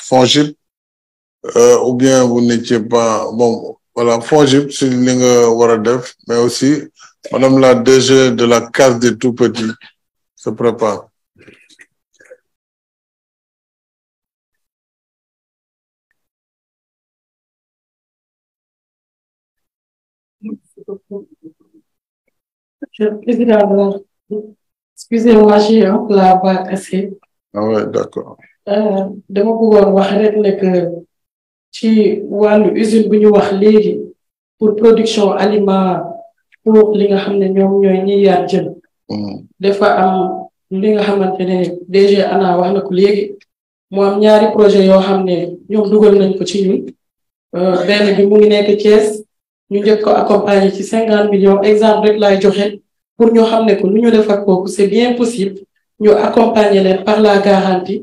FONGIP euh, ou bien vous n'étiez pas bon voilà FONGIP c'est une langue waradef mais aussi madame la DG de la case des tout petits se prépare. Monsieur le Président, excusez-moi, j'ai la voix cassée. Ah ouais, d'accord. Euh, dama bëggoon wax rek ne que ci wàllu usine bu ñu wax léegi pour production aliment pour li nga xam ne ñoom ñooy ñiy yar jën mm. defa am li nga xamante ne DG ANA wax na ko léegi mu am ñaari projet yoo xam ne ñoom dugal nañ ko ci ñun euh, benn bi mu ngi nekk Thiès ñu njëkk ko accompagner ci cinquante million exemple rek laay joxe pour ñu xam ne que nu ñu def ak kooku c'est bien possible ñu accompagner leen par la garantie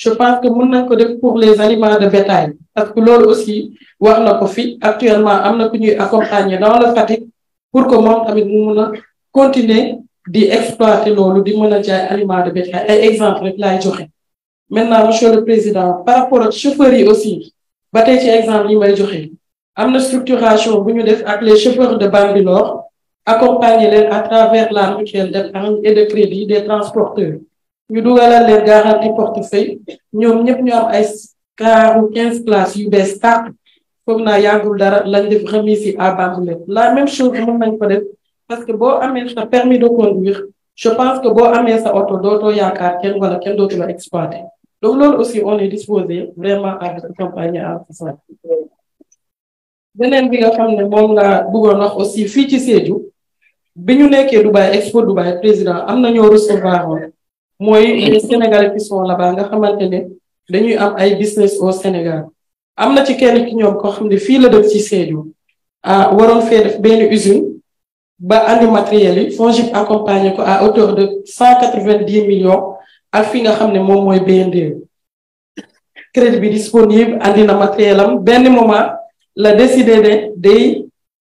je pense que nous n'en pour les aliments de bétail parce que l'eau aussi ou na actuellement nous avons accompagner dans la pratique pour que nous puissions continuer d'exploiter exploiter di aliments de bétail Et exemple rek laay maintenant monsieur le président par rapport aux chauffeurs aussi ba exemple yi may joxe une structuration bu nous def appeler les chauffeurs de Nord, accompagner les à travers la mutuelle d'épargne et de crédit des transporteurs ñu dugalal leen garantie portefeuille ñoom ñëpp ñu am ay caaru quinze places yu bees tàq foog naa yàggul dara lañ def remise yi à Bambilor la même chose mën nañ ko def parce que bo amee sa permis de conduire je pense que boo amee sa oto dootoo yaakaar kenn wala kenn dootu la exploiter donc loolu aussi on est disposé vraiment à accompagner à ça. beneen bi nga xam ne moom laa bëggoon wax aussi fii ci Sédhiou bi ñu nekkee Dubai Expo Dubai am na ñoo recevoir woon mooy les Sénégalais qui sont là-bas nga xamante ne dañuy am ay business au Sénégal am na ci kenn ci ñoom koo xam ne fii la dëkk ci ah def usine ba andi matériel yi accompagné ko à hauteur de 190 millions ak fi nga xam ne moom mooy BND. crédit bi disponible andi na matériel am benn moment la décidé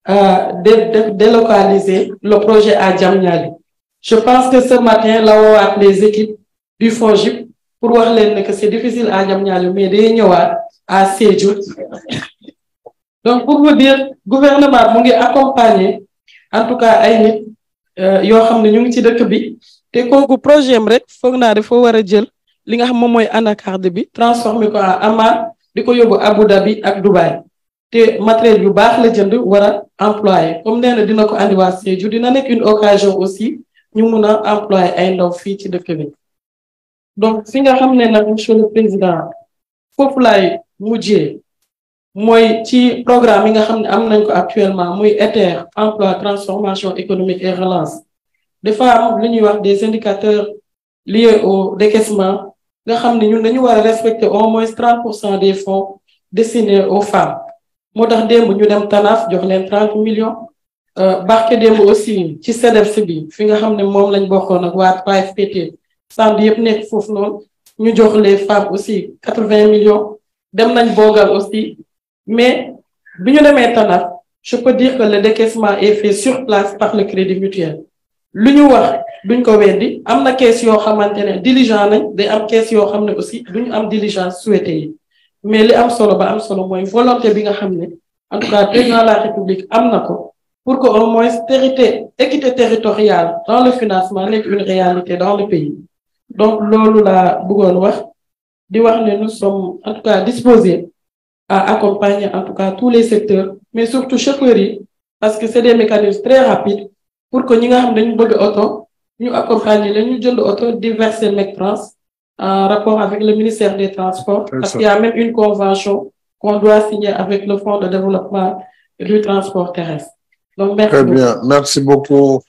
euh, de délocaliser le projet à Diamniadio je pense que ce matin, la où les équipes du FONGIP pour voir leen que c'est difficile à Diamniadio mais day ñëwaat à Sédhiou donc pour vous dire le gouvernement mu ngi en tout cas ay nit euh, yoo xam ne ñu ngi ci dëkk bi te kooku projet am rek foog naa dafa war a jël li nga xam moom anacarde bi transformer ko en Amman di ko à Abu Dhabi ak Dubaï le matériel yu baax la jënd war a employé comme nee na dina ko andi waa Sédhiou dina une occasion aussi nous mun a employé ay ndaw fii ci dëkk donc si nga xam ne monsieur le président foofu laay mujjee mooy ci programme yi nga xam ne ko actuellement muy ETER emploi transformation économique et relance dafa am lu wax des indicateurs liés au décaissement nga xam ne ñun dañu war au moins 30 des fonds destinés aux femmes moo tax démb ñu dem TANAF jox leen 30 millions euh, barke dem aussi ci CEDEPS e bi fi nga xam ne moom lañ bokkoon ak waa 3FPT centre yëpp nekk foofu noonu ñu jox les femmes aussi quatre-vingts millions dem nañ boogal aussi mais bi ñu demee je peux dire que le décaissement est fait sur place par le crédit mutuel lu ñu wax duñ ko weddi am na kees yoo diligent nañ day am kees yoo xam aussi duñu am diligence souhaité mais li am solo ba am solo mooy volonté bi nga xam en tout cas président de la république am na pour qu'au moins l'équité territoriale dans le financement soit une réalité dans le pays donc lolo la nous sommes en tout cas disposés à accompagner en tout cas tous les secteurs mais surtout chaque pays, parce que c'est des mécanismes très rapides pour que nous ayons une auto, bëgg nous ñu accompagner leen auto jënd oto diverser en rapport avec le ministère des transports parce qu'il y a même une convention qu'on doit signer avec le fonds de développement du transport terrestre Très bien. Merci beaucoup.